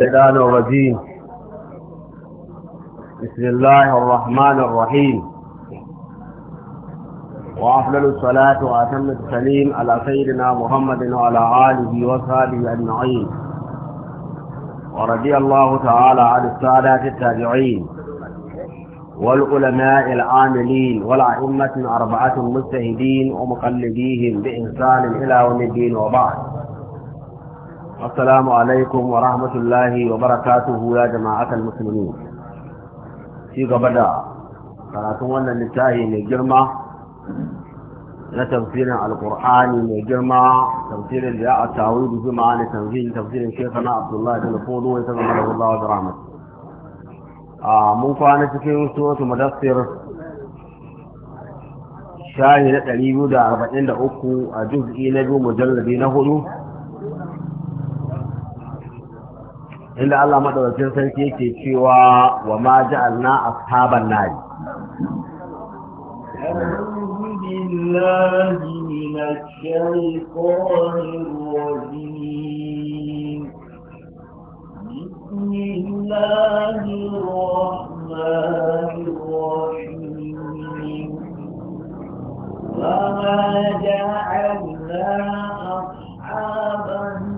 الشيطان الرجيم بسم الله الرحمن الرحيم وأفضل الصلاة وأتم التسليم على سيدنا محمد وعلى آله وصحبه أجمعين ورضي الله تعالى عن السادات التابعين والعلماء العاملين والأئمة الأربعة المجتهدين ومقلديهم بإحسان إلى يوم الدين وبعد السلام عليكم ورحمة الله وبركاته يا جماعة المسلمين في قبدا قراتون النتاهي من جرمة لتفسير القرآن من جرمة تفسير الجاء التعويض في معاني تنزيل تفسير شيخنا عبد الله بن فوضو ويتغمده الله برحمته mun kwana cikin suratu mudassir shahi na ɗari biyu da arba'in da uku a juz'i na biyu mujallabi na hudu inda Allah madaukakin sarki yake cewa wa ma ja'alna ashaban nari بسم وما جعلنا أصحاب النار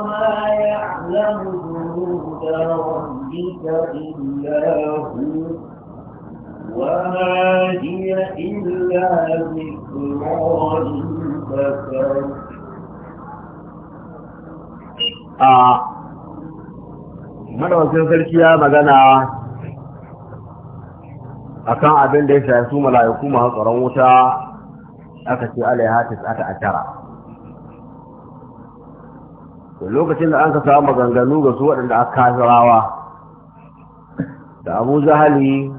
وما يعلم جنود ربك إلا هو وما هي إلا ذكرى للبشر sarki ya magana akan abin da ya shafi su mala'iku masu tsaron wuta aka ce alaiha tis'ata ashara lokacin da an ka samu maganganu ga su waɗanda aka kasarawa da abu zahali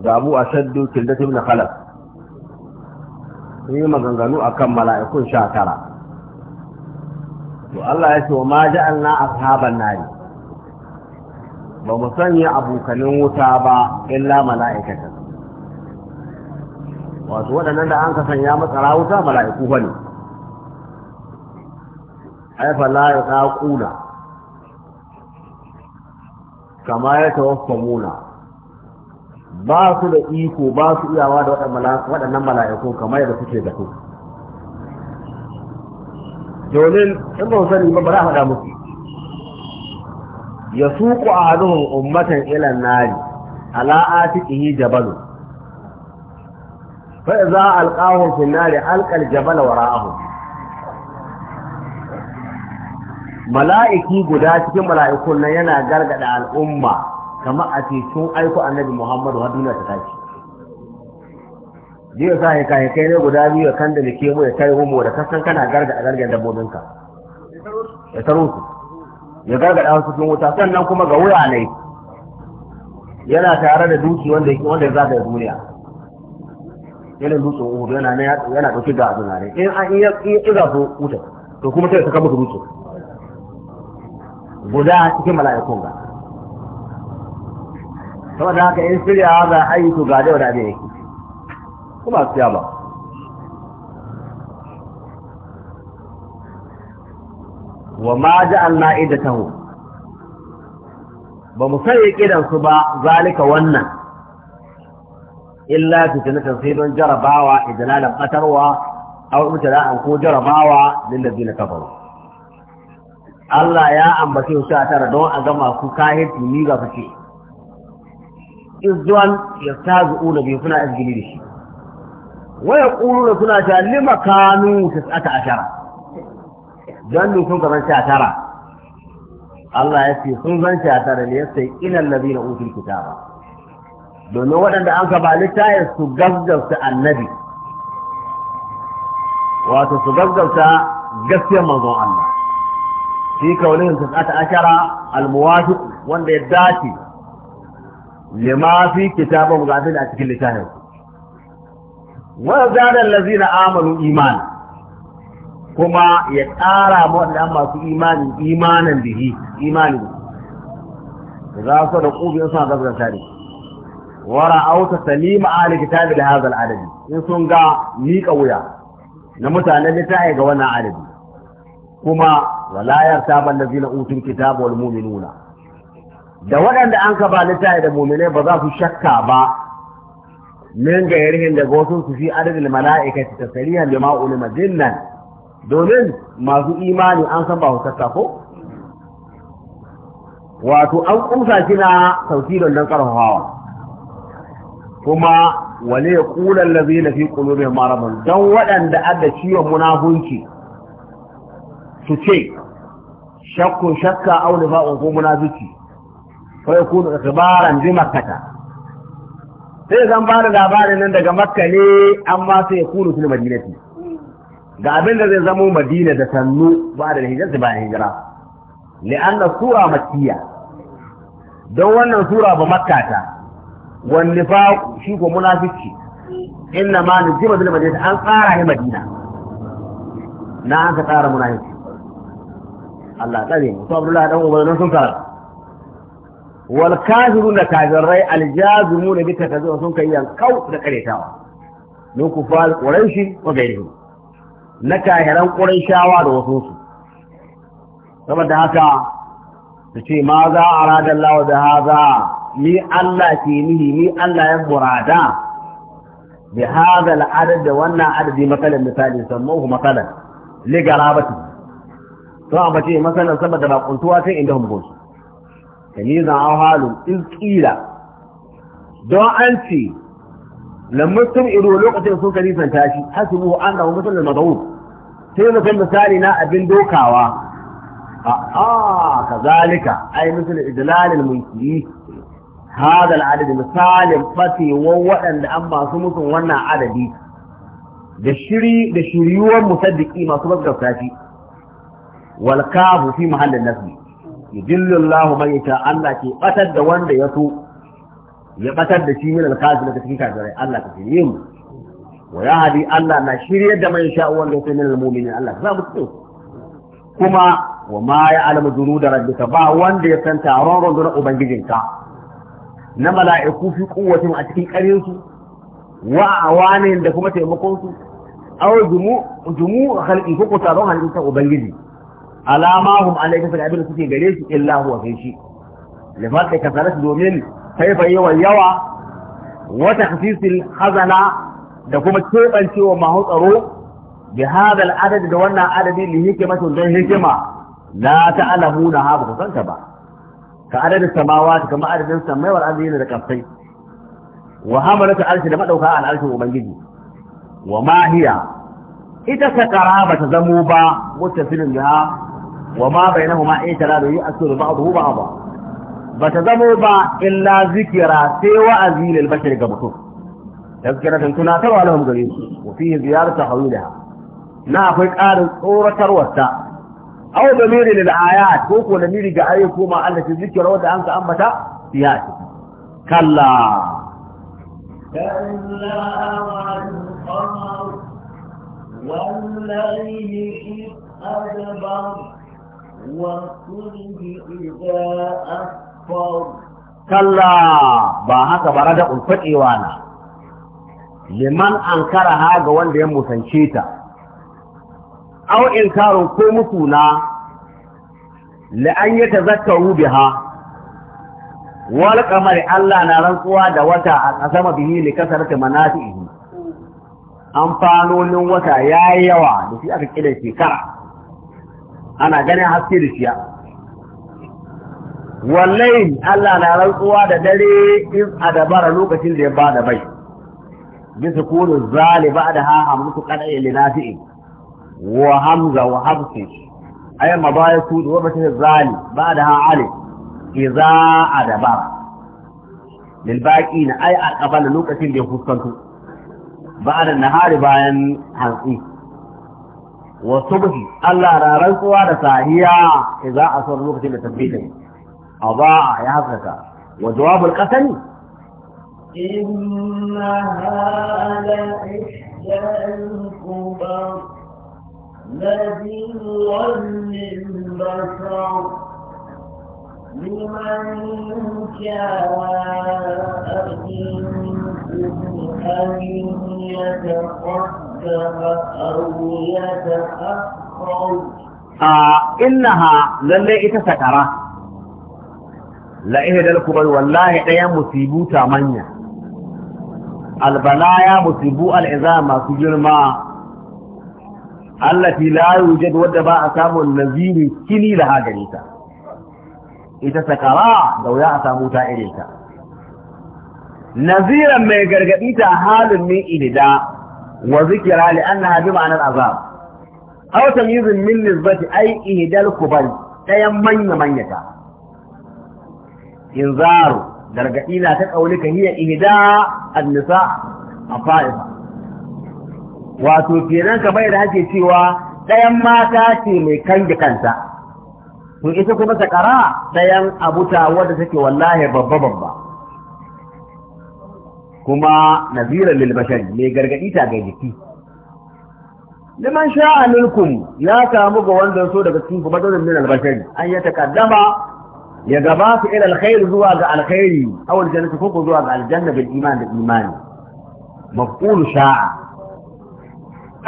da abu a shaddu kildatim na khalaf sun yi maganganu a kan mala'ikun sha tara to Allah ya ce wa ma a ashaban nari ba mu sanya abokanin wuta ba illa mala'ikatan Wasu waɗannan da an ka sanya matsara wuta mala'iku ba ne ai fala ya taquna kama ya tawaffamuna ba su da iko ba su iyawa da waɗannan mala'iku kamar yadda suke da su domin in ba sani ba ba za a faɗa musu ya suku a haduhun ummatan ilan nari ala atiqihi jabalu fa idza alqahu fi nari alqal aljabala wara'ahu mala'iki guda cikin mala’iku nan yana gargada al'umma kamar a cikin aiko annabi muhammadu har duniya ta tashi jiya sa ya kai kai ne guda biyu ya kan da nake mu ya kai mu da kasan kana gargada gargada dabbobinka ya taro su ya gargada su cikin wuta sannan kuma ga wuya ne yana tare da duki wanda wanda ta yi duniya yana dutsen uhu yana yana dauke da abin ne in an iya iya so wuta to kuma sai ta kama dutsen guda cikin mala'ikun ga saboda haka in shirya za a yi ga da wadda yake kuma su ba wa ma ja'alna taho. ba mu sanya kidan su ba zalika wannan illa fitnatan sai don jarabawa idlalan qatarwa aw mutara'an ko jarabawa lil ladina kafaru Allah ya ambace su a tara don a gama ku kahirci ni ga fice izwan yastazu'una bi suna izgili da shi wa da suna ta lima kanu tas'ata ashara dan ne sun gaban a tara Allah ya ce sun zanci a tara ne sai ina ilal ladina utul kitaba domin waɗanda an ka ba littayar su gaggauta annabi wato su gaggauta gaskiyar manzon Allah في كونه تسعة عشر الموافق وان يداتي لما في كتابه مقابل أتكل لتاهم وزاد الذين آمنوا إيمانا كما يتعالى مؤمن أما في إيمان إيمانا به إيمانا إذا صدقوا بإنسان قبل ذلك ورأوا تسليم آل كتاب لهذا العدد إنسان قا ميك أويا نمتع لن يتعيق وانا عدد كما wala yartaba lazina utul kitaba wal mu'minuna da waɗanda an ka ba da mu'minai ba za su shakka ba min ga yarhin daga wasu su fi adadin mala'ikati tasarihan lima ulima dinnan domin masu imani an san ba su shakka ko wato an kusa kina sauki don karfafawa kuma wale ya lazina fi qulubihim maradun dan waɗanda adda ciwon munafunci Su ce shakku shakka aure nifaqun ko munafiki fa yakunu ikhbaran bi makkata sai zan ba da labarin nan daga makka ne amma sai yakunu fil madinati ga abin da zai zamo madina da sannu ba da hijira bayan hijira li'anna sura makkiya don wannan sura ba makka ta wan fa shi ko munafiki inna ma jima da madinati an tsara ne madina na an ka tsara munafiki Allah tsare mu to Abdullahi dan Umar nan sun karanta wal kafiruna kafirai aljazumuna bi takazu sun kai kau da karetawa min kufar quraishi wa gairihi na kahiran quraishawa da wasu su saboda haka su ce ma za a rada Allah da haza ni Allah ke nihi ni Allah ya murada bi haza al da wannan adadi masalan misali sammuhu masalan li garabati to a mace masanan saboda ba kuntuwa sai inda hun bosu tamizan an halu in kila don an ce lamustum ido lokacin sun ka nisanta shi hasibu an da mutum da mazawur sai mutum misali na abin dokawa a'a kazalika ai da idlalil munkiri هذا العدد مثال فتي ووأن أما سمس وانا عددي da shiri da shiriyuwar musaddiki masu gaggauta shi wal kafu fi mahallin nasbi yudillu Allahu Allah ke batar da wanda ya so ya batar da shi min al kafir daga cikin kafirai Allah ka shirye mu wa yahdi Allah na shirye da man yasha wanda ya so min al mu'minin za mu so kuma wa ma ya'lamu junuda rabbika ba wanda ya san taron rundunar ubangijinka na mala'iku fi kuwatin a cikin ƙarinsu wa da kuma taimakon su aw jumu jumu khalqi ko ubangiji alamahum alaika fil abin suke gare shi illa huwa kai shi lifaqi kasarat domin faifai yawa yawa wa takhsisil hazana da kuma kebancewa mahu tsaro bi hada al'adad da wannan adadi li hikmatu dan hikima la ta'lamuna ha ba san ta ba ka adadin samawati kama adadin samai wal ardi da kafai wa hamalatu arshi da madauka al arshi ubangiji wa ma hiya ita ta ba ta zamo ba mutasilin biha Wama wa ma bainahuma ijra da yu'asiru ba'dahu ba. bata zamo ba illa zikira sai wa a lil bashar ga mutum tazkiratan tunatarwa lahum gare su wa fihi ziyaratu hawilaha na akwai ƙarin tsoratarwarta da damiri lil ayat ko ko damiri ga ayi ko ma Allah ta zikira wanda an ka ambata fiya kalla kalla wal qamar wal layli adbar kalla ba haka ba rada ulfaɗewa na liman an kara ha ga wanda ya musance ta Au in karo ko musu na la'an ya tazakkaru biha wal kamar Allah na rantsuwa da wata a kasama bihi li kasarta manasihi amfanonin wata yayi yawa da shi aka kidan shekara ana ganin haske da shiya wallahi Allah na rantsuwa da dare in a dabara lokacin da ya ba da bai bisa zali ba da ha hamsu kadai linafi'i wa hamza wa habsi ay mabayatu wa ta zali ba'da ha alif idza adabara lil baqina ay aqbala lokacin da ya fuskanto ba'da nahari bayan hantsi وصبح ألا رأسوا رسائيا إذا أصر الوقت لتثبيته أضاع يا حفظك وجواب القسم إنها لإحجى الكبر لذرا للبشر لمن جاء أبيكم أن يتقدم آه، إنها للي إتسكرة لإيه دل والله إيا مصيبو تامنيا البلايا مصيبو العظام سجل ما التي لا يوجد ودباء أسام النزير كني لها جريتا إتسكرة دو يا أسامو تائريتا نزيرا ما يقرق إتا حال من إلداء wa zikira li annaha bi ma'anar azab aw tamyizun min nisbati ay ihdal kubal dayan manya manyata inzaru gargadi na ta kaulika hiya ihda an-nisa a fa'ifa wato kenan ka bai da hake cewa ɗayan mata ce mai kange kanta to ita kuma sakara ɗayan abuta wadda take wallahi babba babba kuma naziran lil bashar mai gargadi ta ga jiki liman sha'a minkum ya samu ga wanda so daga cikin kuma dole min albashari an ya takaddama ya gabata ila alkhair zuwa ga alkhairi aw aljanna ko ko zuwa ga aljanna bil iman da imani mafqul sha'a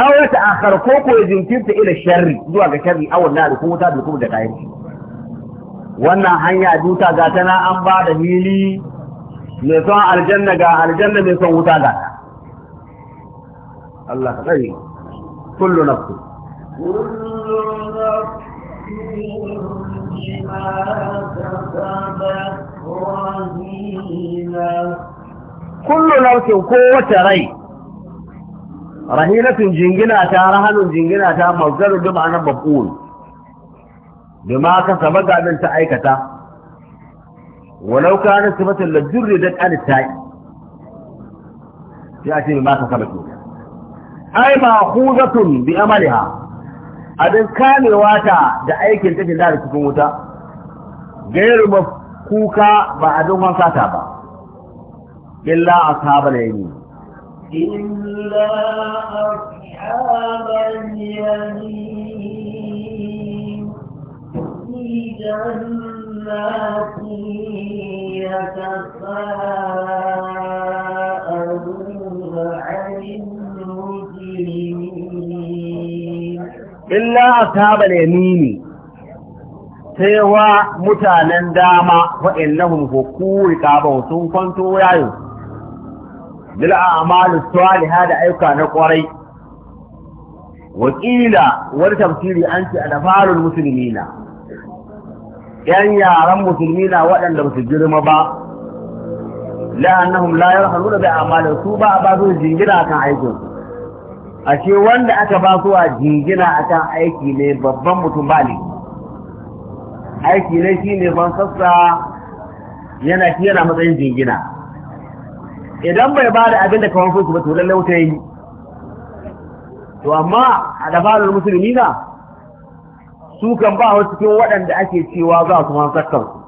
aw ya ta'akhkhar ko ko ya jinkirta ila sharri zuwa ga sharri aw nar ko wuta da kuma da kayan wannan hanya duta ga tana an ba da mili mai son aljanna ga aljanna mai son wuta ga Allah ka tsare kullu nafsi kullu kowace rai rahinatun jingina ta rahanun jingina ta mazgaru bi ma'anar maf'ul bima ka sabaga ta aikata walau kana sifatan la jurridat an ta'i sai a ce ma ka saba ke ai ma khuzatun bi amaliha abin kamewa ta da aikin take da cikin wuta gairu kuka ba a wanka ba illa ashabal yamin الناس يتساءلون عن المجرمين إلا أصحاب mutanen dama wa'annahum hukuri kabau sun kwanto yayo bil a'malu salihah da aika na kwarai wakila wani tafsiri an ce musulmi na. yan yaran musulmi na waɗanda ba su girma ba la'annahum layar hannu da bai amalin su ba a ba su jingina akan aikin ashe wanda aka ba su a jingina akan aiki ne babban mutum ba ne aiki ne ne ban sassa yana shi yana matsayin jingina idan bai ba da abin da kawai su ba to lallai wuta yi to amma a dabarar musulmi na su kan ba wasu cikin waɗanda ake cewa za su man sakkan su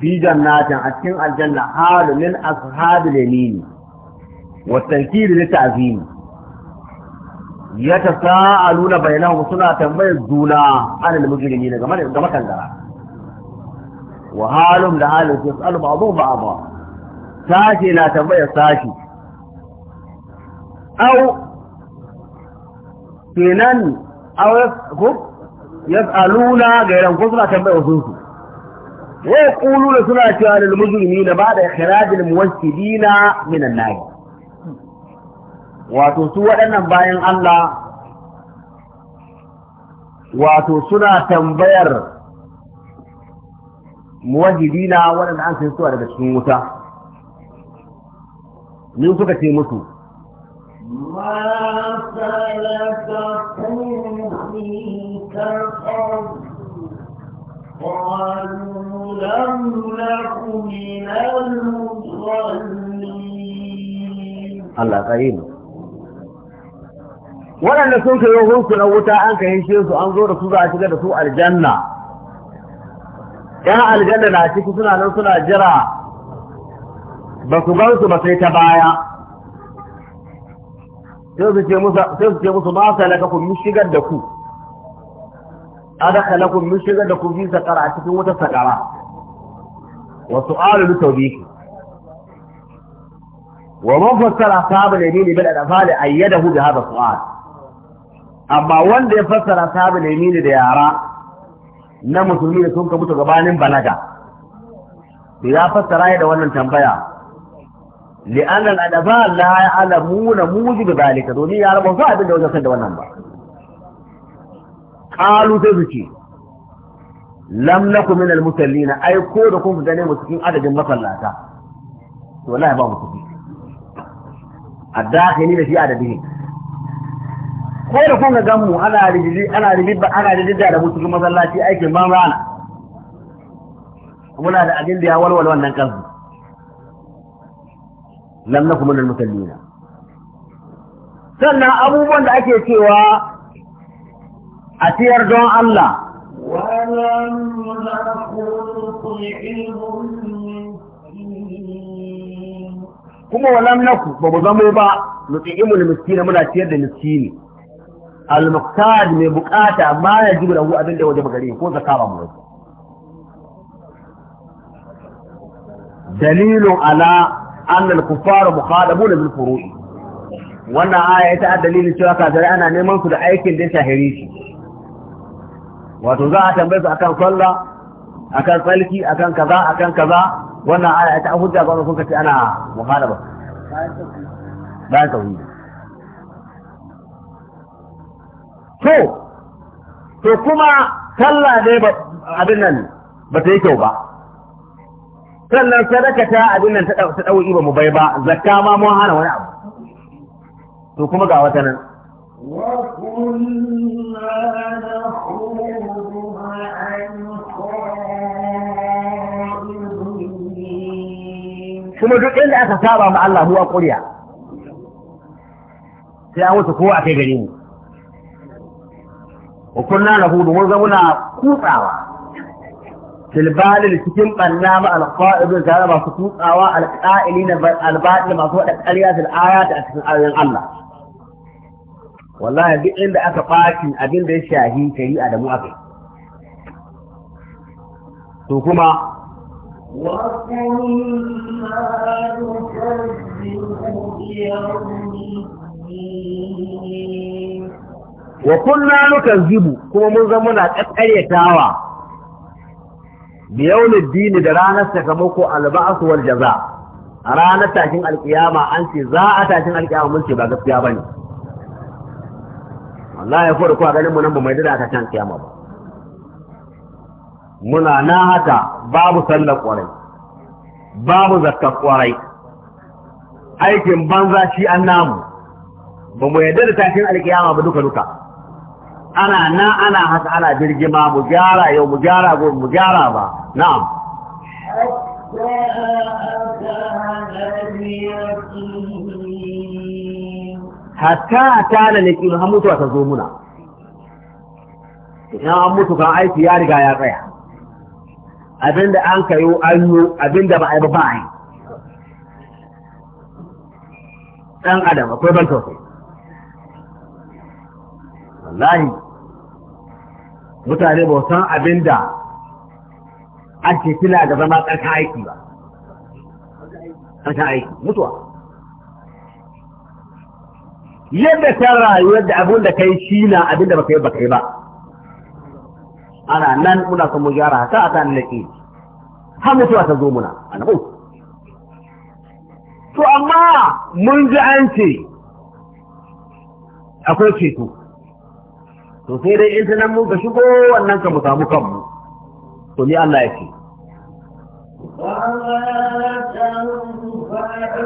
fi jannatin a cikin aljanna halu min ashabil yamin wa tankiru li ta'zim yatasaaluna bainahum suna tambayar juna anil mujrimin game da game kangara wa halum da halin su yasalu ba'dhum ba'dha sashi na tambayar sashi au kenan ko yas'aluna gairan ko suna tambaya wasu su wa yaquluna suna cewa lil mujrimina ba'da ikhrajil muwahhidina min an-nar wato su waɗannan bayan Allah wato suna tambayar muwahhidina waɗanda an sai suwa daga cikin wuta ni suka ce musu Allah سلككم في سقر waɗanda sun kai hunsu na wuta an ka hishe su an zo da su za a shiga da su aljanna ‘yan aljanna na ciki suna nan suna jira ba su gan su ba sai ta baya sai su ce musu sai su ce musu ma salakakum min shigar da ku adakalakum min shigar da ku fi sakara a cikin wata sakara wa su'alu tawbiki wa man fassara sahabul fali bil adfal ayyadahu bi hadha su'al amma wanda ya fassara ne yamin da yara na musulmi da sun ka mutu gabanin balaga ya fassara da wannan tambaya li'anna al-adaba la ya'lamuna mujib zalika domin ya rabu fa abin da wajen san da wannan ba qalu ta zuci lam naku min al-musallina ai ko da kun gane mu cikin adadin masallata to wallahi ba mu cikin addakhili da fi adadihi ko da kun ga mu ana rijili ana rijibba ana rijibba da mu cikin masallaci aikin mamana muna da abin da ya walwala wannan kansu lam nakum minal musallina sannan abubuwan da ake cewa a tiyar don Allah kuma wa walam naku ba mu zamo ba nuti'imul miskina muna ciyar da miskini al-muqtad mai bukata ma ya jibu lahu abin da waje gare ko zakka ba mu dalilun ala annal kuffara mukhadabuna bil furu'i wannan aya ita a dalilin cewa kafirai ana neman su da aikin da shahiri shi wato za a tambaye su akan sallah akan tsalki akan kaza akan kaza wannan aya ita a hujja ba kace ana bayan to to kuma sallah dai abin nan ba ta yi kyau ba sannan sadaka ta abin nan ta ɗauki ba mu bai ba zakka ma mun hana wani abu to kuma ga wata nan kuma duk inda aka saba ma Allah ruwa ƙuriya sai an wuce kowa a kai gare mu wa kunna lahu mun zamuna kutsawa filbalin cikin ɓanna ma alƙa'idun tare masu tutsawa alƙa'ili na albaɗi masu waɗa ƙarya fil ayata a cikin ayoyin Allah wallahi duk inda aka ɓaci abin da ya shahi shari'a da mu aka to kuma wa kunna nukazzibu kuma mun zama muna ƙaƙƙaryatawa biyaunin dini da ranar sakamako alba'asu wal jaza a ranar takin alkiyama an ce za a tashin alkiyama mun ce ba gaskiya bane wallahi ko a ganin mu nan ba mai dada ta can kiyama ba muna na haka babu sallar kwarai babu zakkar kwarai aikin banza shi an namu ba mu yarda da takin alkiyama ba duka duka ana nan ana haka ana birgima mu gyara yau mu gyara gobe mu gyara ba na'am hatta ta da laƙi har mutuwa ta zo muna idan an mutu kan aiki ya riga ya tsaya abinda an kayo an yi abinda ba a yi ba ba yi ɗan adam akwai ban tausayi wallahi mutane ba san abin da ake fila ga zama tsarkan aiki ba tsarkan aiki mutuwa yadda ta rayuwar da abin da kai shi na abin da ba kai ba kai ba ana nan muna son mu gyara haka a kan laƙi har mutuwa ta zo muna a nabu to amma mun ji an ce akwai ceto to sai dai in tunan mu ka shigo wannan ka mu samu kanmu to ni Allah ya ce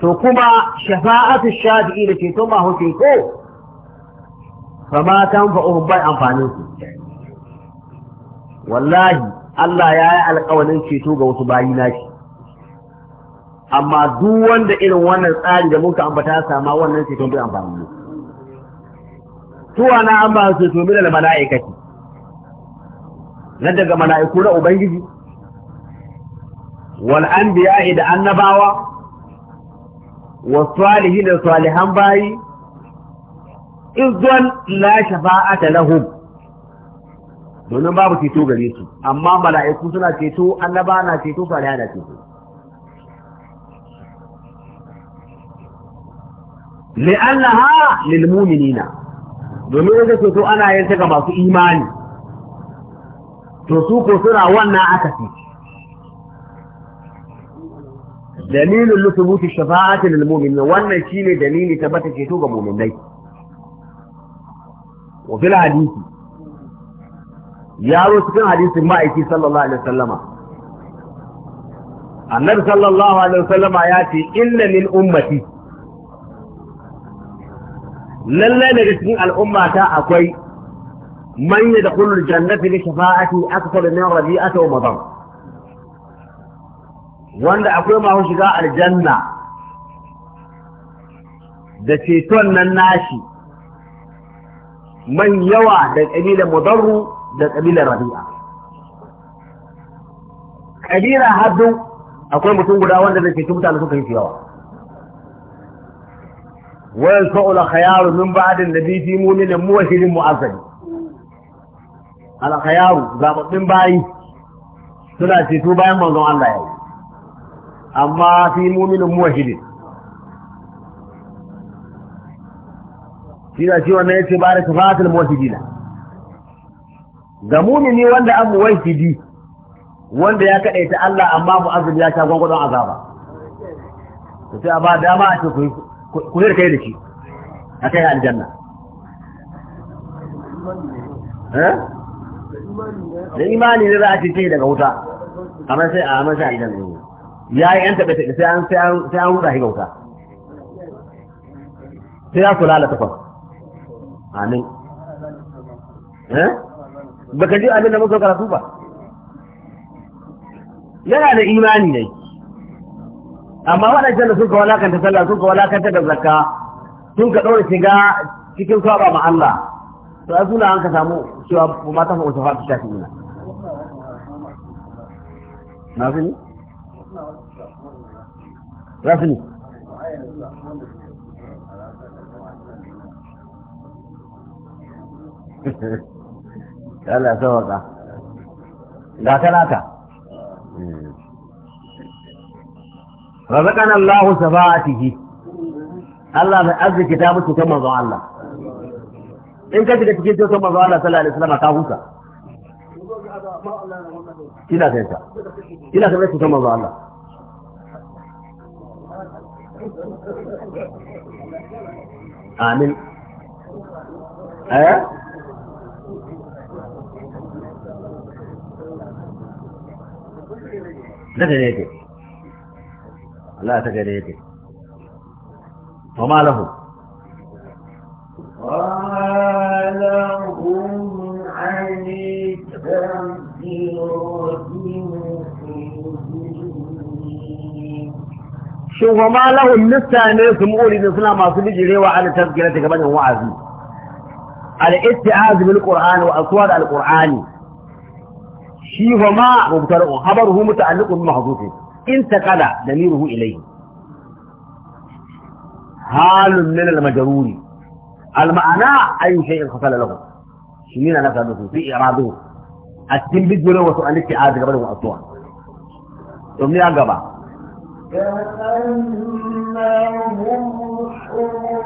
to kuma shafa'atu shafi'i da ceto ma hukai ko fama tan fa'uhum bai amfanin su wallahi Allah ya yi alƙawarin ceto ga wasu bayi na shi amma duk wanda irin wannan tsari da muka ambata sama wannan ceton bai amfani ne tuwa na an ba su to da mala'ikati na daga mala'iku na ubangiji wal anbiya da annabawa wa salihi da salihan bayi izwan la shafa'ata lahum domin babu ceto gare su amma mala'iku suna ceto annaba na ceto salihan na ceto li'annaha lil mu'minina domin wanda ce to ana yin ta ga masu imani to su ko suna wannan aka fi. dalilin lusubuti shafa'ati lil mu'minin wannan shine dalili tabbata ce to ga mu'minai wa fil hadisi yaro cikin hadisin ma'aiki sallallahu alaihi wasallama annabi sallallahu alaihi wasallama ya ce inna min ummati lallai daga cikin al'umma ta akwai manya da kullum jannati da shafa'ati akthar min rabi'ati wa madan wanda akwai ma shiga aljanna da ceton nan nashi man yawa da kabilar mudarru da kabilar rabi'a kabira haddu akwai mutum guda wanda zai ceci mutane suka yi yawa wayan sa'ul khayaru min ba'din nabi fi mu'minin muwahhidin mu'azzabi al khayaru zababbin bayi suna ceto bayan manzon Allah ya amma fi mu'minin muwahhidin shi da shi wannan yace baraka fatul muwahhidina ga ni wanda an muwahhidi wanda ya kadaita Allah amma mu'azzabi ya sha gwangwadon azaba sai a ba dama a ce ku ku da kai da shi a kai aljanna eh? da imani ne za a cece daga wuta amma sai a amma sai aljanna ne ya yi yan taɓa-taɓa sai an wuta shi wuta sai ya kula da takwas amin eh? baka ji abin da muka karatu ba yana da imani ne amma waɗancan da suka walakanta sallah suka walakanta da zakka sun ka ɗora shiga cikin saba ma Allah to a suna an ka samu cewa mata ta usafa ta shafi nuna na fi ne? ne Allah ya sauwaka ga talata razaqana Allahu sabatihi Allah mai arziki ta mutu kan Allah in ka shiga cikin cikin manzon Allah sallallahu alaihi wasallam ka huta ina sai ina sai cikin manzon Allah amin eh ne ne لا تجد يدك وما له وما له عليك شوف ما له النساء نسم أولي نسلا ما سبيجي ريوة على تذكرة كمان هو عزي على اتعاذ بالقرآن وأصوات القرآن شيف ما مبترق خبره متعلق بمحظوظه انتقل دميره إليه حال من المجرور المعنى أي شيء حصل له شمينا نفسه في إعراضه التنبيد له وسؤالك عاد قبله وأطوع يومني أقبع كأنهم حمر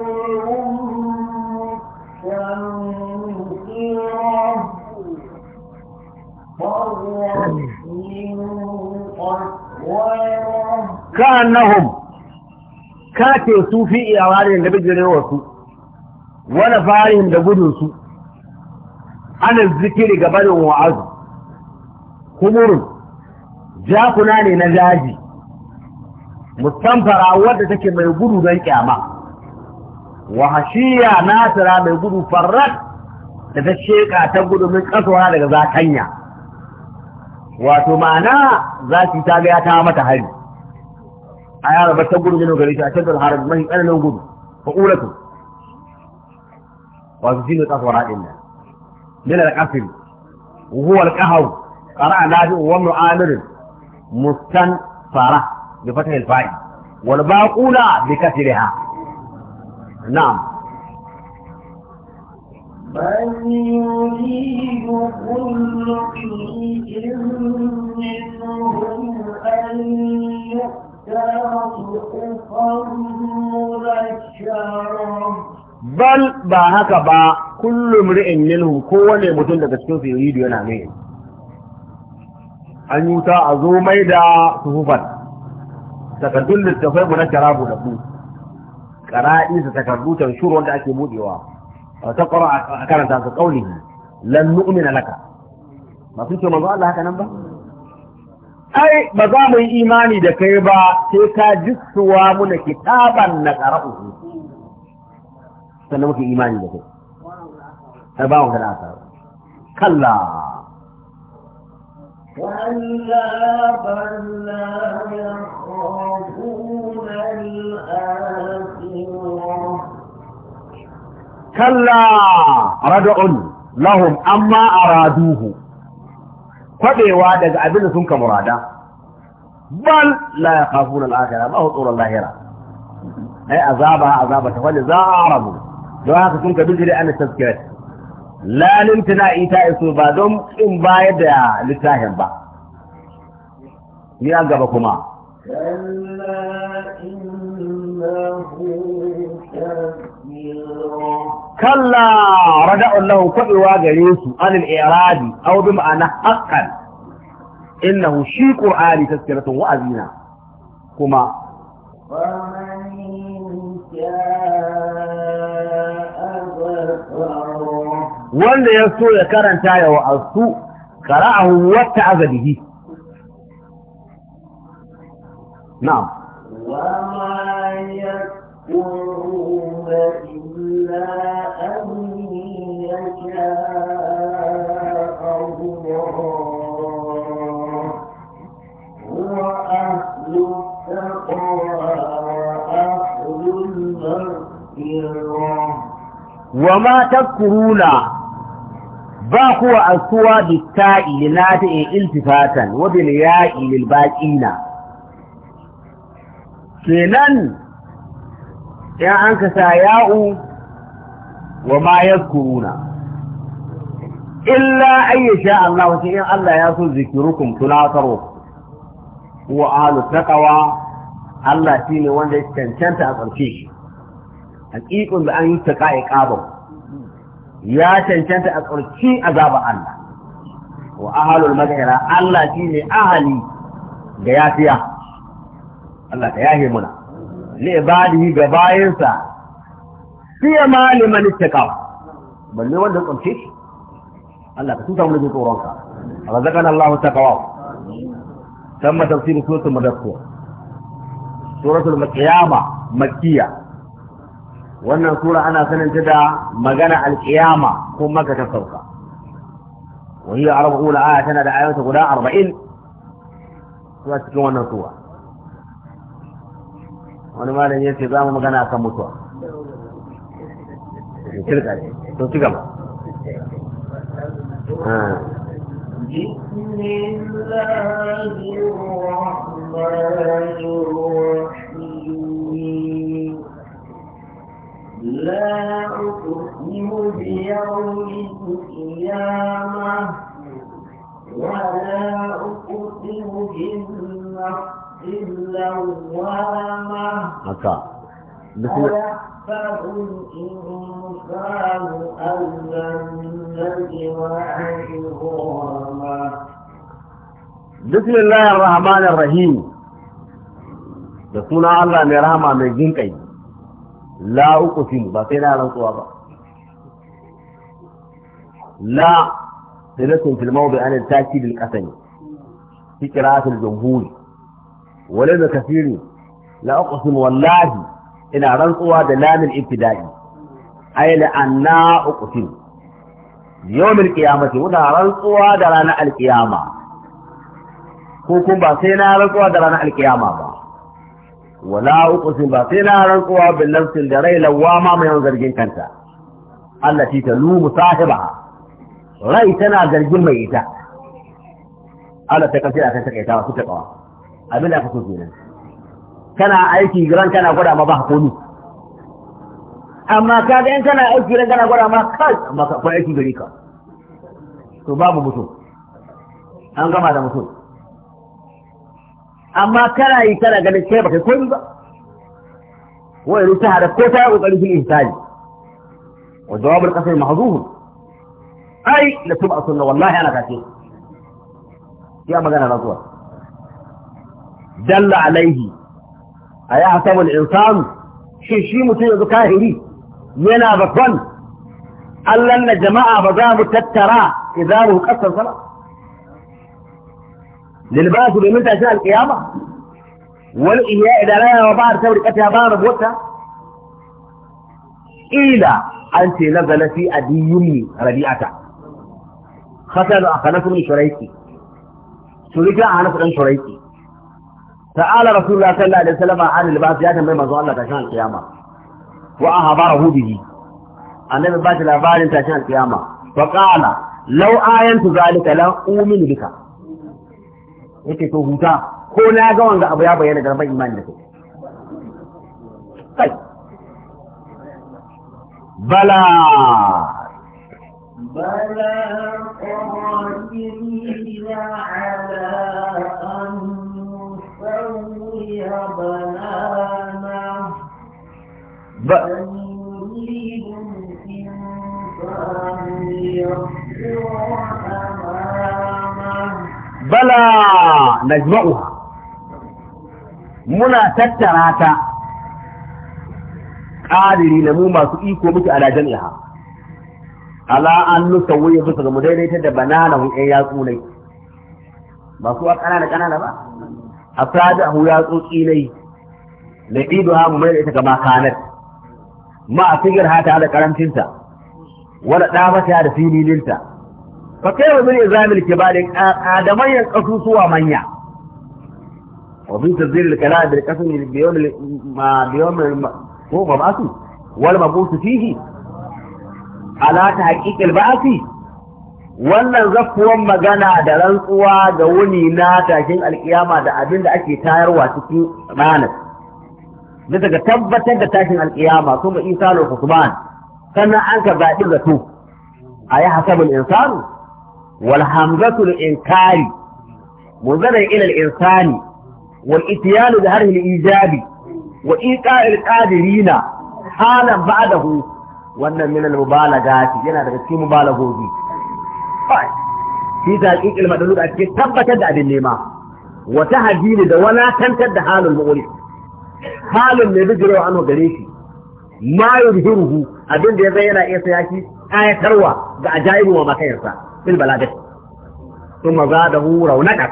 كأنهم كاتي سوفي إعوارهم لبجري وسو ونفارهم لبجر سو عن الذكر قبل وعز خمر jakuna ne na daji musamfara wadda take mai gudu don kyama wa hashiya nasira mai gudu farrat da ta sheƙa ta gudu min kasuwa daga zakanya wato ma'ana za su ta ga ya ta mata hari a yara ba ta gudu gino gare shi a cikin harin mahi tsananin gudu fa ulatu wato shi ne tsasuwar haɗin nan nila da qasr huwa al-qahaw qara'a nabi wa mu'amir mustan fara bi fatah al-fa'i wal baqula bi kasriha na'am من يريد كل حين ba haka ba kullum ri'in minhu kowane mutum daga cikin su yuridu yana mai an yi wuta a zo mai da suhufan takardun littafai mu na shara buɗaɗɗu ƙara'i da takardu shuru wanda ake buɗewa ta ƙara a karanta su ƙaunihi lan nu'mina laka ba sun ce manzo Allah haka nan ba ai ba za mu yi imani da kai ba sai ka jissuwa muna kitaban na qara'u sannan muke imani da kai har ba mu da يخافون الآخرة كلا رجع لهم أما أرادوه قد يواد أبن سنك مرادا بل لا يخافون الآخرة ما هو طول الله هنا أي عذابها عذابة ولذا أعرضوا don haka sun ka bijire ana taskiyar lalin tana ita iso ba don in bayar da littafin ba ni an gaba kuma kalla rada'un lahu kwaɗewa gare su anil iradi au bi ma'ana haqqan innahu shi qur'ani tazkiratun wa'azina kuma wanda ya so ya karanta ya wa'azu qara'ahu wa ta'aza na'am wa ma yaquluna وما تذكرون ba kuwa asuwa bi ta'i li nafi'in iltifatan wa na ya'i lil baqina kenan ya an ka sa ya'u wa ma illa an Allah sai in Allah ya so zikirukum tulataro wa ahlu taqwa Allah ne wanda ya cancanta a ƙarshe shi haƙiƙun da an yi taƙa ƙabon ya cancanta a tsarki azaba Allah wa ahalul maghira Allah shine ahali da yafiya Allah ta yahe muna li ibadihi ga bayinsa fiye ma liman ittaqaw balle wanda tsarki shi Allah ka tuta mu da tsoronka razaqana Allah taqwa tamma تفسير سورة المدثر suratul القيامة مكية wannan sura ana sanin ta da magana alkiyama ko maka ta sauka wani arba'u la aya tana da ayata guda arba'in suna cikin wannan sura wani malam ya ce za mu magana akan mutuwa to ci gaba بسم الله الرحمن الرحيم لا أقسم بيوم القيامة ولا أقسم بالنفس اللوامة أيحسب الإنسان أن لن نجمع عظامه بسم الله الرحمن الرحيم da suna Allah mai rahama mai jinƙai la uqsimu ba sai na rantsuwa ba la silatun fil mawdi an al-ta'kid al-qasam fi qira'at al-jumhur wa la kathiri la uqsimu wallahi ina rantsuwa da lamin ibtida'i ay la anna uqsimu yawm al-qiyamati muna rantsuwa da ranar al-qiyama ko kuma ba sai na rantsuwa da ranar al-qiyama ba wala uqsim ba sai na rantsuwa bil nafsin da rai lawama mai yawan zargin kanta allati talumu sahibaha rai tana zargin mai ita Allah ta kace akan takaita wasu ta kawa abin da aka so kenan kana aiki ran kana gwada ma ba koni amma ga in kana aiki ran kana gwada ma kai amma aiki gari ka to babu mutum an gama da mutum amma kana yi kana ganin kai baka komi ba wa yanzu ta hada ko ta kokari fil ihsani wa jawab al qasr mahzuh ai la tub'a sunna wallahi ana kace ya magana rasuwa dalla alaihi a ya hasabu al-insan shi shi mutum yanzu kahiri yana bakon Allah na jama'a ba za mu tattara idan mu kasar sala للباس بمنت عشان القيامة والإياء إذا لا يوضع تبرك أتها بار بوتا إلى أنت نزل في أديني ربيعتا خسر أخناكم من شريكي شريكي أعنفق من شريكي تعالى رسول الله صلى الله عليه وسلم عن الباس جاتا من مزوال لك عشان القيامة وأها باره به أن نبي باس الأبار انت عشان القيامة فقال لو آينت ذلك لا أؤمن بك yake to huta ko na ga wanda abu ya bayyana ga imani da kai bala bala qadirina ala an nusawiya banana ba يغفر أمامه bala najma'uha muna tattara ta ƙadiri na mu masu iko muke ala jam'iha ala an nusawwi bisa ga mu daidaita da bananahum ɗan ya ne ba su ƙanana ƙanana ba a sadu ya yatsu ne na ido ha mu mai da ita ga makanar ma a sigar ha ta da karancinta wala ta da fililinta fa kai wa zuri zamil kibalin adamai yan kasusuwa manya wa bin tazir al kala bil qasmi bi yawm ma bi yawm ko ba basu wal mabusu fihi ala ta haqiqil ba'si wannan zafuwan magana da rantsuwa da wuni na tashin alkiyama da abin da ake tayarwa cikin ranar da daga tabbatar da tashin alkiyama kuma isa lokacin sannan an ka zaɓi zato a yi hasabin insanu wal hamzatul inkari munzalan ila al insani wal ityan bi harfi al ijabi wa iqa'il qadirina halan ba'dahu wannan min al mubalagati yana daga cikin mubalagogi fi taqiqil madlul a cikin tabbatar da abin nema wata hadini da walakantar da halin mu'uri halin mai an gare shi ma yuzhiruhu abinda ya yana iya saya shi ga ajaibu wa makayarsa fil balagat kuma zadahu raunaka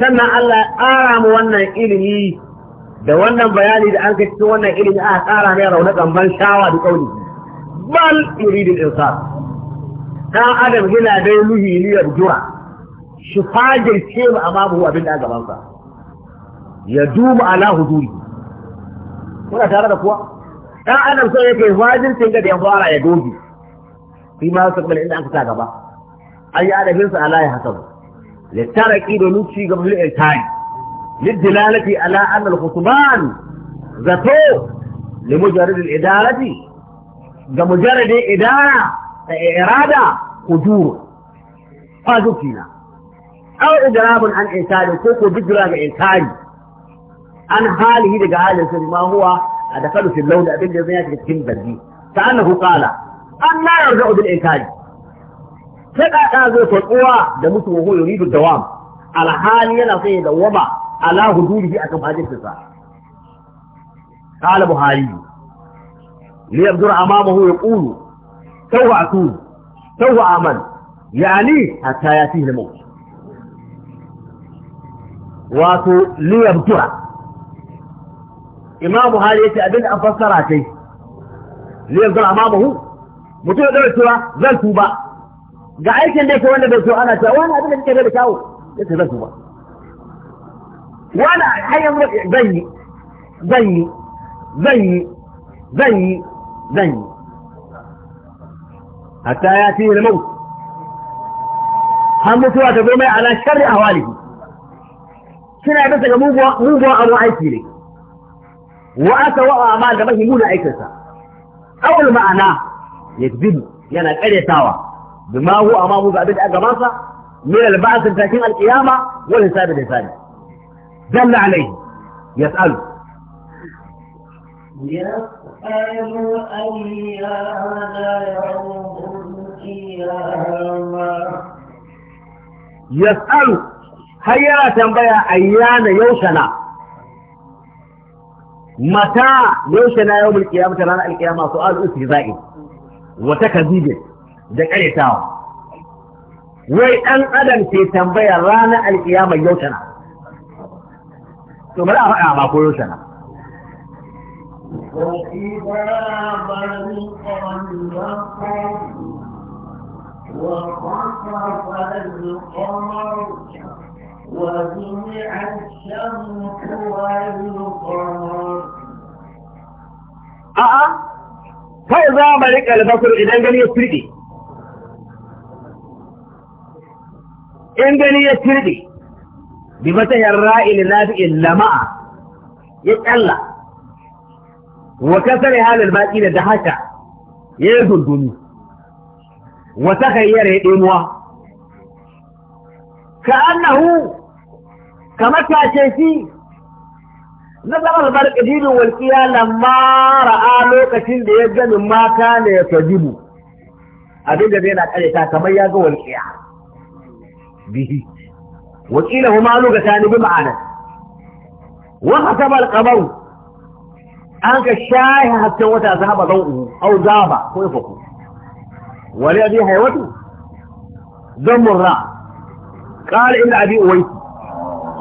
sannan Allah ya ƙara mu wannan ilimi da wannan bayani da an ka cikin wannan ilimi aka ƙara mai raunakan ban shawa da kauli bal yuridul insan dan adam yana dai muhiliyar jura shi fajirce mu amma bu abin da gaban sa ya duba ala huduri kuna tare da kuwa dan adam sai yake fajirce ga da ya fara ya goge في ما يسقط من عند أنك تاقبا أي آلة جنس ألا يحسب للترك إيدو نوتشي قبل الإلتاج للدلالة على أن الخطبان ذاته لمجرد الإدارة لمجرد إدارة إرادة قدور فاجو فينا أو إدراب عن إنسان كوكو بجرى من إنسان عن حاله لقاء الإنسان ما هو أدخل في اللون أبن جزيات التنبذي فأنه قال an la yarda bil inkari Ta ka zai kwatsuwa da mutu wa huwa yuridu dawam alhali yana son ya dawama ala hududihi akan قال بخاري ليبدر أمامه يقول سوف أتوب سوف آمن يعني حتى يأتيه الموت واتو ليبدر إمام بخاري يتأبين أفسراتي ليبدر أمامه mutum ya ɗora cewa zan tuba ga aikin da yake wanda bai so ana cewa wani abin da kike da kawo yake zan tuba wani hanyar zan yi zan yi zan yi zan yi zan yi hatta ya fi da mawut har mutuwa ta zo mai ala sharri a walihi suna bisa ga muguwan abu aiki ne wa aka wa'a ma da mahimmunan aikinsa awul ma'ana يكذب ينا قريتاوا بما هو أمامه قابل أقباسا من البعث التاكين القيامة والإنساب الإنسان جل عليه يسأل يسأل أيها يسأل هيا تنبيا أيان يوشنا متى يوشنا يوم القيامة رانا القيامة سؤال أسجزائي wata kazibe da ƙaretawa wai ɗan adam ke tambaya ranar alƙiyamar yau tana to bari faɗa ma ko yau tana الشمس والقمر أأ kawai za mu riƙa albasar idan gani ya firɗe in gani ya firɗe bi mata yarra ilinafi'in lama'a ya ƙalla wa kasare halin baƙi da dahaka ya yi zundumi wa ta kayyara ya ɗemuwa ka annahu kamar tashe shi na zamar bar kadirin walƙiya na mara a lokacin da ya gani mata ne ya tajibu abin da zai na kare ta kamar ya ga walƙiya bihi wakilan kuma ga ta nubi ma'ana Waka ta bar kamar an ka shayi hasken wata ta haɓa zan uku au zaba ko ya faku wani abin haiwatu don murra ƙara inda abin uwaiki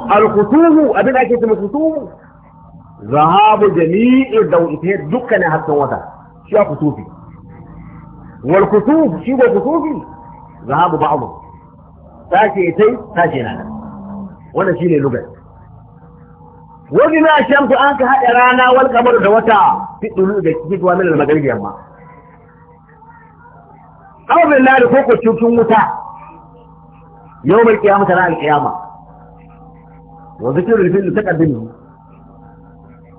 alkutuhu abin da ake tumi kutuhu zahabu jami'i da ita dukkanin hasken wata shi a kusufi wal kusuf shi ba kusufi zahabu ba'adu sashe tai sashe na wannan shine lugar wani na shamsu an ka haɗa rana wal kamar da wata fitulu da fituwa min al-magharibi amma aw billahi ko ko cikin wuta yawmal qiyamah ran al-qiyamah wa dhikru al-fil taqaddamu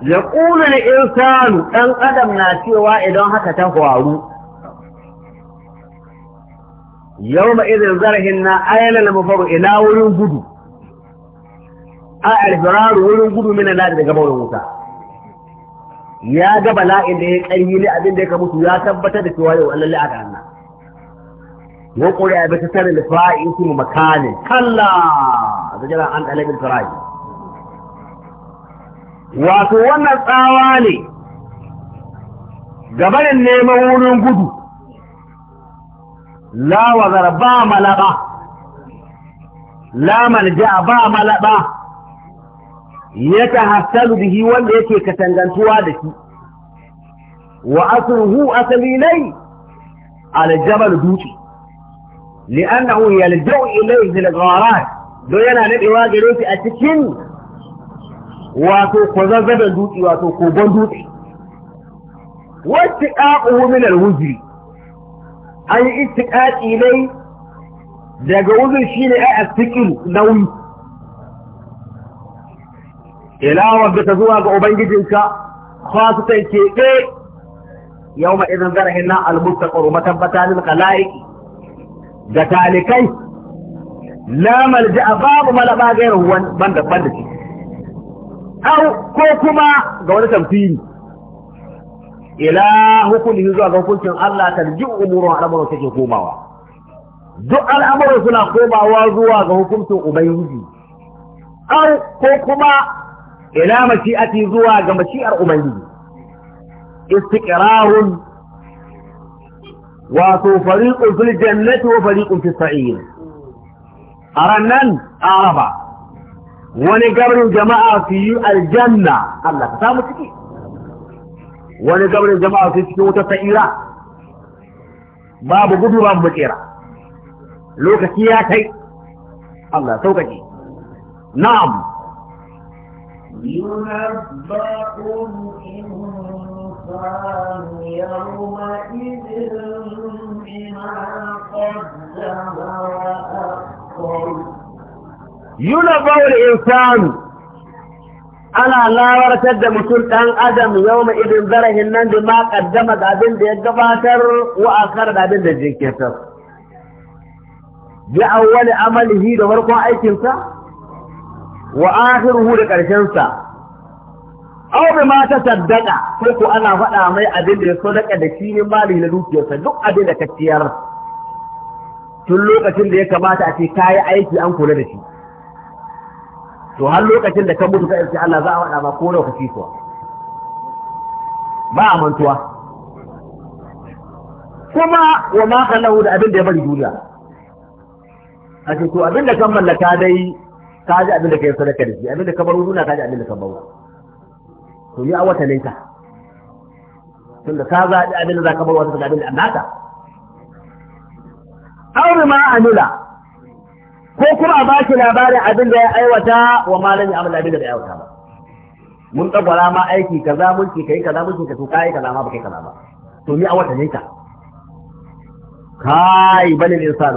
ya ƙulu da insanu ɗan adam na cewa idan haka ta faru yau ma izin zarhin na ayyana mafaru ina wurin gudu a alfiraru wurin gudu mina na daga gabar wuta ya ga bala'in da ya ƙarfi ne abin da ya mutu ya tabbatar da cewa yau lalle a hanna wa ƙuri'a bi tasarin da su makanin kalla da jira an ɗalibin fara'in wato wannan tsawa ne gabanin neman wurin gudu la wazar ba malaba la malja ba malaba ya ta tahassalu bihi wanda yake katangantuwa da shi wa asali nai aljabar dutse li'annahu yaljau ilayhi lil don yana nadewa gare shi a cikin wato kwazazzaben dutse wato kogon dutse wacce ƙaƙuhu min alwuzri an yi istiƙaƙi ne daga wuzuri shi ne ai cikin nauyi Ina wadda ta zuwa ga ubangijinka kwasu sai keɓe yau ma idan zarahin na almustaqar matabbata lil khalaiqi da talikai la malja babu malaba gairu ban ban da Au ko kuma ga wani tamfiri ila hukumin zuwa ga hukuncin Allah tarji umurun al'amuran take komawa duk al'amuran suna komawa zuwa ga hukuncin ubangiji Au ko kuma ila mashi'ati zuwa ga mashi'ar ubangiji istiqrarun wato fariqun fil jannati wa fariqun fis sa'ir arannan araba wani gabarin jama'a su yi aljanna Allah ka samu ciki wani gabarin jama'a su cikin wata sa'ira babu gudu babu makera lokaci ya kai Allah sauƙaƙe na'am ينبأ الإنسان يومئذ بما قدم وأخر yuna bawul insanu ana lawartar da mutum ɗan adam yau ma idin zarahin nan da ma kaddama da abin da ya gabatar wa akar da abin da jinkirtar bi awwali amalihi da farkon aikinsa wa akhiruhu da ƙarshensa aw bi ma ta saddaqa ko ko ana faɗa mai abin da ya sadaka da shi ne mali na dukiyarsa duk abin da ka ciyar tun lokacin da ya kamata a ce kayi aiki an kula da shi to har lokacin da ka mutu ka irci Allah za a wada ma ko lokaci kuwa ba a mantuwa kuma wa ma kallahu da abin da ya bari duniya a ce to abin da kan mallaka dai ka ji abin da ka yi sadaka da shi abin da ka baro wuduna ka ji abin da ka bauta. to ni a wata ne ka tunda ka zaɓi abin da za ka baro wata abin da annaka aure ma anula ko kuma a baki labarin abin da ya aiwata wa malami amal abin da ya aiwata ba mun tsakwara ma aiki za mulki kai za mulki ka tuka yi ka ma ba kai ka ba to ni a wata ne ka kai ne sa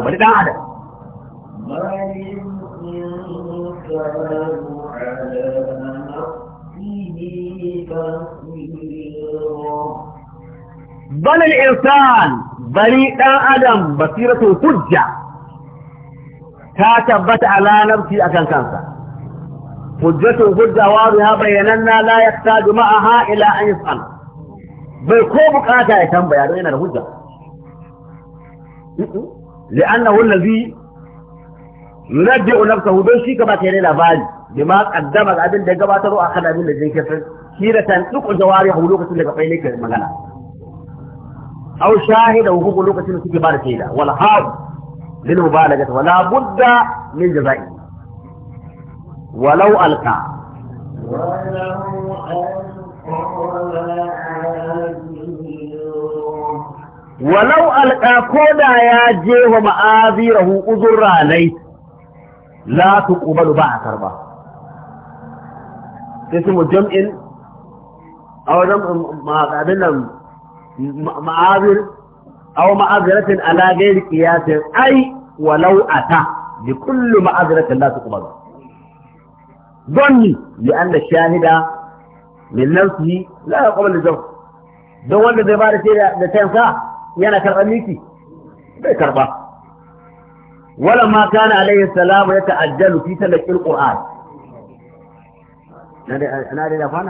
bal dan adam bal insan bari dan adam basiratul hujja ta tabbata ala nafsi akan kansa hujjatu hujja wadiha bayananna la yahtaju ma'aha ila an yas'al bai ko bukata ya tambaya don yana da hujja li'annahu allazi yurajji'u nafsahu don shi ka ba ta yi labari bima qaddama abin da gabatarwa akan abin da jinkirtar hiratan duk jawarihu lokacin da ka faile ka magana aw shahida hukuku lokacin da suke ba da shaida wal habu بالمبالغة ولا بد من جزائه ولو ألقى ولو ولو ألقى كودا يا جيه ومآذيره أذر عليه لا تقبل باع كربا اسم جمع أو جمع معاذير Au ma'azratin ala ghairi qiyasin ai walau ata bi kullu ma'azratin la tuqbal don ni li anna shahida min nafsihi la yaqbalu zaw don wanda zai ba shaida da kansa yana karɓar miki bai karɓa wala ma kana alaihi salamu ya na da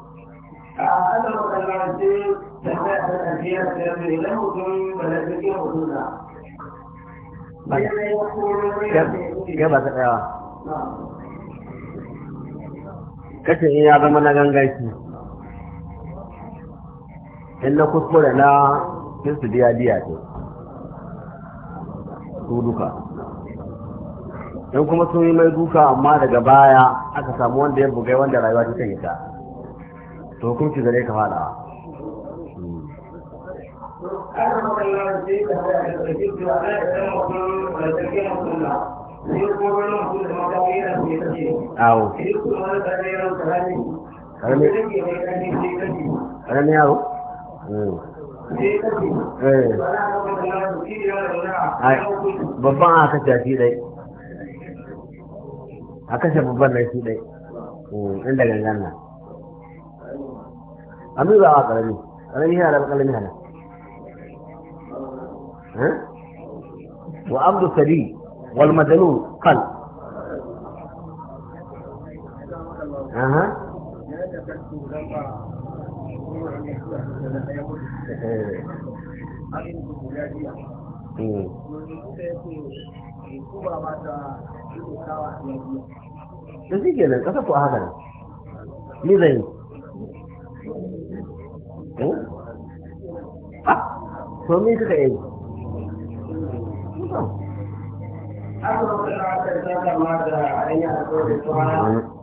أنا وكلمتي in ya zama na gangaci, in na kuskure na sai su biya biya ce, su duka. In kuma sun yi mai duka amma daga baya aka samu wanda ya bugai wanda rayuwa ta ta yi ta. to hukunci gare ka fada awo yaro? Hmm. Eh. babban dai a kashe babban na shi dai hmm, inda gangan nan أمي ذا عاقل أنا نهاية أنا بقل نهاية وأمر سبي والمدنون قل أها أمي ذا عاقل أمي ذا عاقل أمي ذا عاقل أمي ذا عاقل أمي ذا عاقل أمي ذا عاقل أمي ذا عاقل أمي ذا عاقل to me suka yi Aku tak tahu kalau ada orang